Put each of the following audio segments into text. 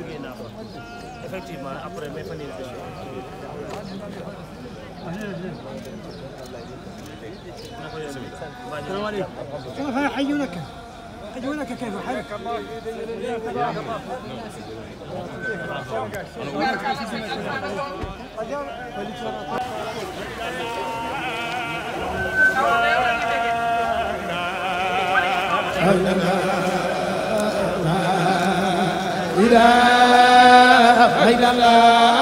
jógee naa fa effectivement après may fan yii كيف حيونك حيونك كيف حالك أهلا إله إلا الله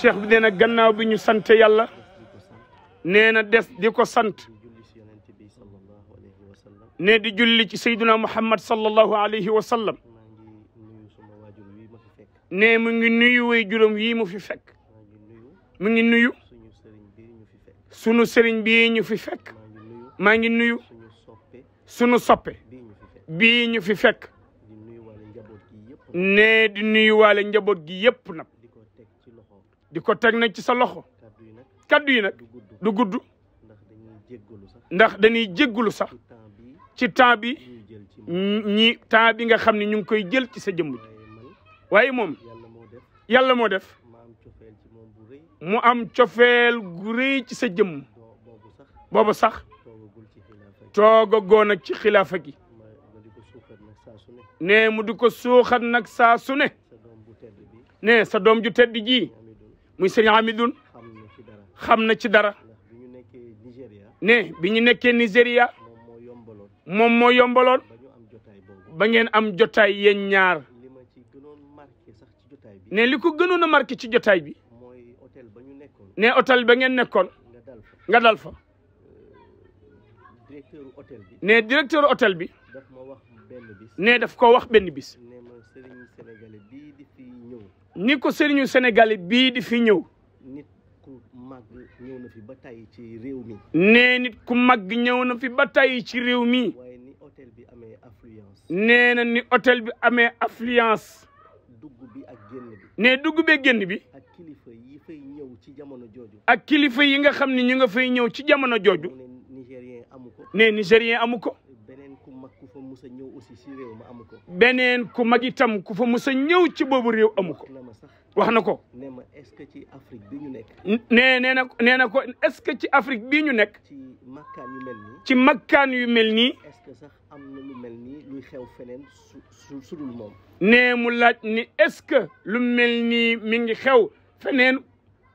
cheikh bi nee na gannaaw bi ñu sant yàlla nee na des di ko sant ne di julli ci sayduna muhammad sallallahu alayhi wa sallam ne mu ngi nuyu way juróom yii mu fi fekk mu ngi nuyu sunu sëriñ bii ñu fi fekk maa ngi nuyu sunu soppe bii fi fekk ne di nuyu waale njaboot gi yëpp nag di ko teg nag ci sa loxo kaddu yi nag du gudd ndax dañuy jéggalu sax ci temps bi ñi temps bi nga xam ne ñu ngi koy jël ci sa jëmm ji waaye moom yàlla moo def mu am cofeel gu ci sa jëmm boobu sax toogagoo nag ci xilaafa gi ne mu di ko suuxat nag saa su ne ne sa doom ju tedd ji muy sëriñ Hamidoune xam na ci dara ne bi ñu nekkee Nigéria moom mooy yombaloon ba ngeen am jotaay yéen ñaar ne li ko gënoon a marqué ci jotaay bi ne hôtel ba ngeen nekkoon nga dal fa ne euh, directeur hôtel bi ne daf ko wax benn bis. ni ko sëriñu Sénégal bii di fi ñëw. nit ku mag ñëw na fi ba tey ci réew mi. nee nit ku mag ñëw na fi ba tey ci réew mi. waaye ni hôtel bi amee affluence. nee na ni hôtel bi amee affluence. dugg bi ak génn bi. nee dugg bee génn bi. ak kilifa yi fay ñëw ci jamono jooju. ak kilifa yi nga xam ne ñu nga fay ñëw ci jamono jooju. nee Nigérien amu ko. nee Nigérien amu ko. musa ñëw aussi ci réew ma amu ko. beneen ku mag itam ku fa musa ñëw ci boobu réew amu ko. wax na ko. nee ma est-ce que ci Afrique bi ñu nekk. nee nee nee na ko est-ce que ci Afrique bii ñu nekk. ci makkaan yu mel nii. ci makkaan yu mel nii. est-ce que sax am na lu mel nii luy xew feneen su moom. nee mu laaj ni est-ce que lu mel nii mi ngi xew feneen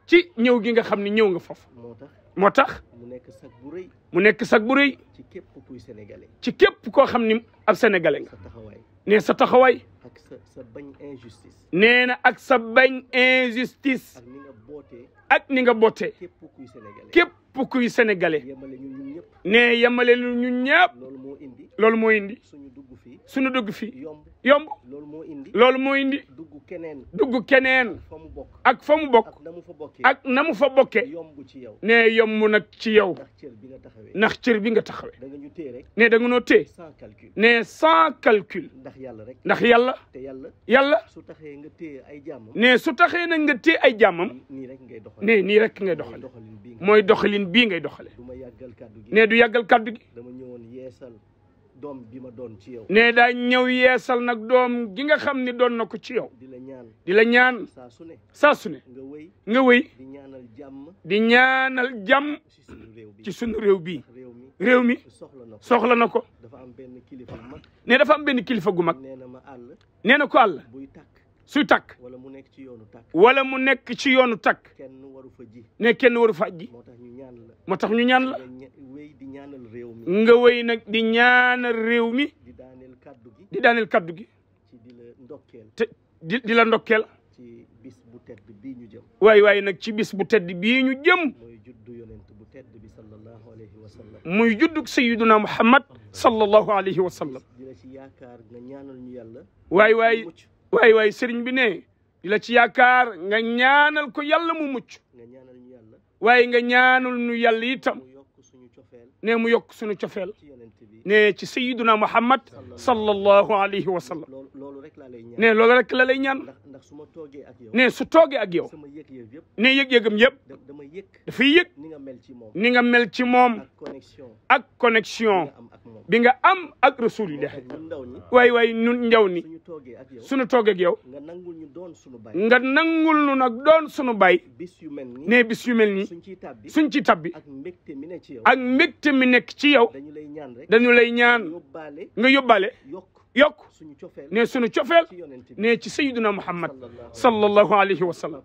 ci ñëw gi nga xam ni ñëw nga foofu. moo tax moo tax. mu nekk sag bu mu nekk sax bu rëy. ci képp kuy xam ni ab sénégalais nga ne sa taxawaay ak sa bañ injustice nee na ak sa bañ injustice ak ni nga bootee ak ni nga bootee képp kuy sénégalais ne yemale lu ñun ñëpp loolu moo indi suñu dugg fii yomb loolu moo indi keneen. dugg keneen. ak fa mu bokk. ak na mu fa bokkee. yomb ci yow. ne yomb nag ci yow. ndax cër bi nga taxawee. da nga ñu téye rek. ne da noo téye. sans calcul. ne sans calcul. ndax yàlla rek. ndax yàlla. yàlla. yàlla. su taxee nga téye ay jàmmam. ne su taxee nag nga téye ay jàmmam. nii rek ngay doxalee. ne nii rek ngay doxalee. mooy doxalin bii ngay doxalee. ne du yàggal kàddu gi. dama ñëwoon yeesal. doom bi ma doon ci yow. ne daa ñëw yeesal nag doom gi nga xam ni doon na ko ci yow. di la ñaan di la ñaan. saa su ne saa nga wéy nga wéy. di ñaanal jàmm. di ñaanal jàmm. ci sunu réew bi réew mi soxla na ko. dafa am benn kilifa gu ne dafa am benn kilifa gu mag. nee na ma àll. nee ko àll. buy tàkk. suy tàkk wala mu nekk ci yoonu tàkk wala mu nekk ci yoonu tàkk waru fa ji ne kenn waru fa ji moo tax ñu moo tax ñu ñaan la nga wéy nag di ñaanal réew mi di daaneel kaddu gi di daaneel kaddu gi te di di la ndokkeel ci bis bu tedd bii ñu jëm waay waay nag ci bis bu tedd bii ñu jëm muy juddu yonent bu tedd bi sallallahu alayhi wa sallam muy juddug sayyiduna muhammad sallallahu alayhi wa sallam di la ci yaakaar nga ñaanal ñu yàlla waay waay waay waay sëriñ bi ne di la ci yaakaar nga ñaanal ko yàlla mu mucc nga ñaanal ñu yàlla waaye nga ñaanal ñu yàlla itam ne mu yokk suñu cofeel ne ci sayyiduna muhammad sallallahu alayhi wa sallam ne loolu rek la lay ñaan ne su toogee ak yow ne yëg-yëgam yëpp dafay yëg ni nga mel ci moom ak connexion bi nga am ak rasulillah waay waay ñun njaw ni sunu toog ak yow nga nangul nu nag doon sunu bay ne bis yu mel nii suñ ci tabbi ak mbégte mi nekk ci yow dañu lay ñaan nga yóbbaale yokk ne suñu cofeel ne ci sayyiduna muhammad sallallahu alayhi wa sallam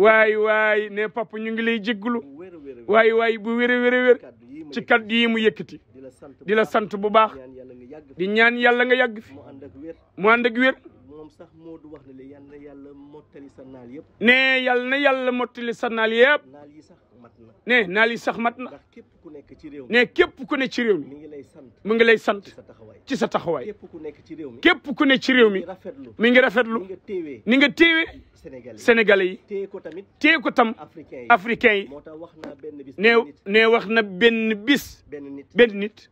waay waay ne papa ñu ngi lay jégglu waay waay bu wér a wér a wér ci kaddu yi mu yëkkati di la sant bu baax di ñaan yàlla nga yàgg fi mu ànd ak wér moom sax moo du wax ne yal na yàlla mottali sa naal yëpp. nee yal na yàlla mottali sa naal yëpp. naal yi sax mat na. nee naal yi sax mat na. képp ku nekk ci réew mi. képp ku ne ci réew mu ngi lay sant. mu ngi lay sant ci sa taxawaay. képp ku nekk ci réew mi. képp ku ne ci réew mi. mi ngi rafetlu mi ngi rafetlu. sénégalais yi téye ko tamit téye ko tam africain yi nee nee wax na benn bis benn nit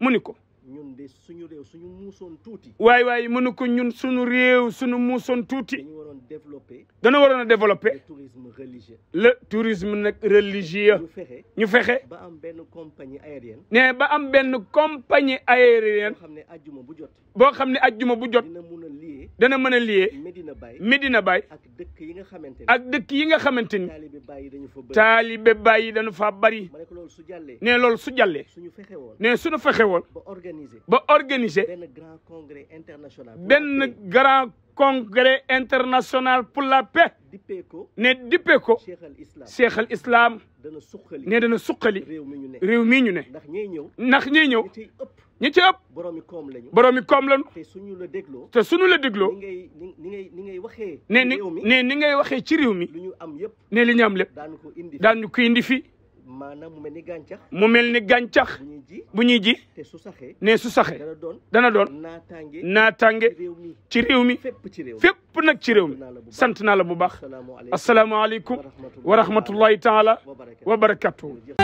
mu ni ko ñun de suñu réew suñu muusoon tuuti. waay waay mënu ko ñun suñu réew suñu muusoon tuuti. dañu waroon développé. dañu waroon a développé. le tourisme religieux. le tourisme nag religieux. ñu fexe ñu fexe. ba am benn compagnie aérienne. ne ba am benn compagnie aérienne. boo xam ne ajjuma bu jot. boo xam ne ajjuma bu jot. dana mën a lié Medina Baye ak dëkk yi nga xamante ni ak dëkk yi nga xamante ni taalibe Baye yi dañu faa bari ne lool su jàllee ne suñu fexe woon ba organiser benn grand congrès international pour la paix ne dippee ko Cheikh al Islam ne dana suqali réew mi ñu ne ndax ñey ñëw ñi ci ëpp. boroomi koom lañu. boroomi koom lañu. te suñu la dégloo. te suñu la dégloo. ngay ni ngay ni ngay waxee. ne ni ni ngay waxee ci réew mi. lu ñu am yëpp. ne li ñu am lépp. daan ko indi daan ko indi fii. maanaam mu mel ni gàncax. mu mel ni gàncax. bu ji bu ñuy ji. su saxee. ne su saxee. dana doon dana doon. naataange. naataange ci réew mi. fépp ci réew mi fépp nag ci réew mi. sant naa la bu baax. asalaamaaleykum wa rahmatullahi taala wa barakatuh.